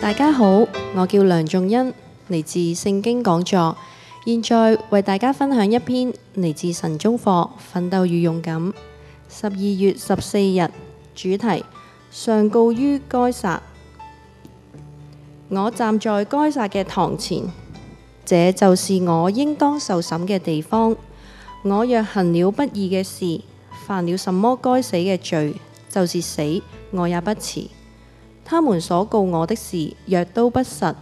大家好，我叫梁仲恩，嚟自聖經講座，現在為大家分享一篇嚟自神宗課《奮鬥與勇敢》。十二月十四日主題，上告於該撒，我站在該撒嘅堂前，這就是我應當受審嘅地方。我若行了不義嘅事，犯了什麼該死嘅罪，就是死，我也不辭。他們所告我的事若都不實，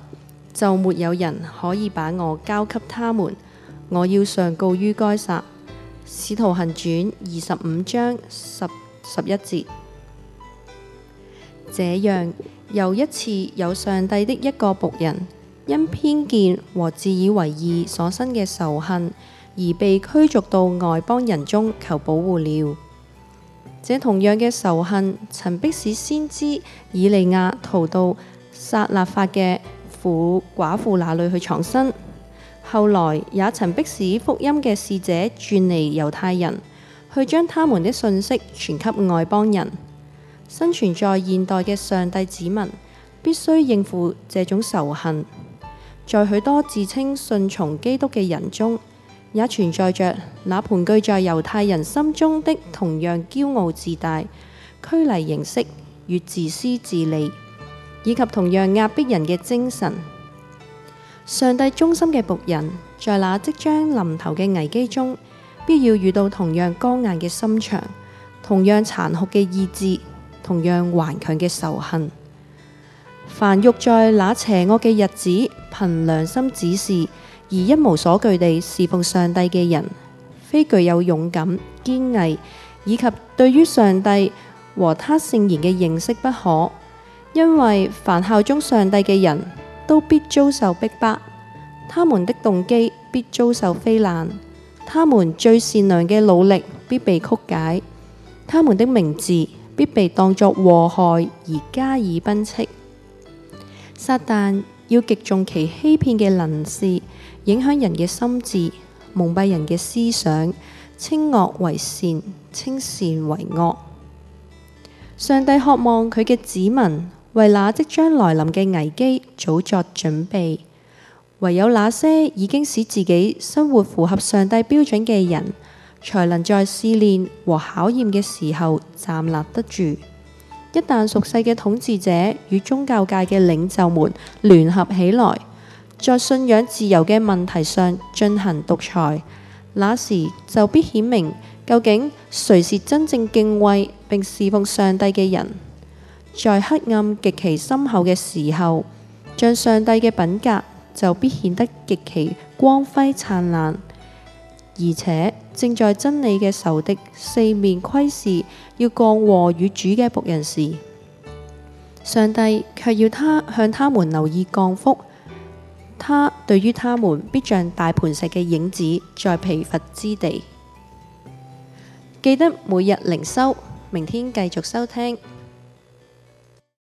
就沒有人可以把我交給他們。我要上告於該撒。使徒行傳二十五章十十一節。這樣，又一次有上帝的一個僕人，因偏見和自以為義所生嘅仇恨，而被驅逐到外邦人中求保護了。這同樣嘅仇恨，曾迫使先知以利亞逃到撒勒法嘅婦寡婦那裏去藏身。後來也曾迫使福音嘅使者轉離猶太人，去將他們的訊息傳給外邦人。生存在現代嘅上帝子民，必須應付這種仇恨。在許多自稱信從基督嘅人中，也存在着那盤踞在猶太人心中的同樣驕傲自大、拘泥形式與自私自利，以及同樣壓迫人嘅精神。上帝忠心嘅僕人在那即將臨頭嘅危機中，必要遇到同樣剛硬嘅心腸、同樣殘酷嘅意志、同樣頑強嘅仇恨。凡欲在那邪惡嘅日子憑良心指示。而一無所懼地侍奉上帝嘅人，非具有勇敢、堅毅，以及對於上帝和祂聖言嘅認識不可。因為凡效忠上帝嘅人都必遭受逼迫，他們的動機必遭受非難，他們最善良嘅努力必被曲解，他們的名字必被當作禍害而加以擯斥。撒旦要極重其欺騙嘅能事，影響人嘅心智，蒙蔽人嘅思想，稱惡為善，稱善為惡。上帝渴望佢嘅子民為那即將來臨嘅危機早作準備，唯有那些已經使自己生活符合上帝標準嘅人，才能在試煉和考驗嘅時候站立得住。一旦俗世嘅統治者與宗教界嘅領袖們聯合起來，在信仰自由嘅問題上進行獨裁，那時就必顯明究竟誰是真正敬畏並侍奉上帝嘅人。在黑暗極其深厚嘅時候，像上帝嘅品格就必顯得極其光輝燦爛。而且正在真理嘅仇敵四面窺視，要降禍與主嘅僕人時，上帝卻要他向他們留意降福。他對於他們必像大磐石嘅影子，在疲乏之地。記得每日靈修，明天繼續收聽。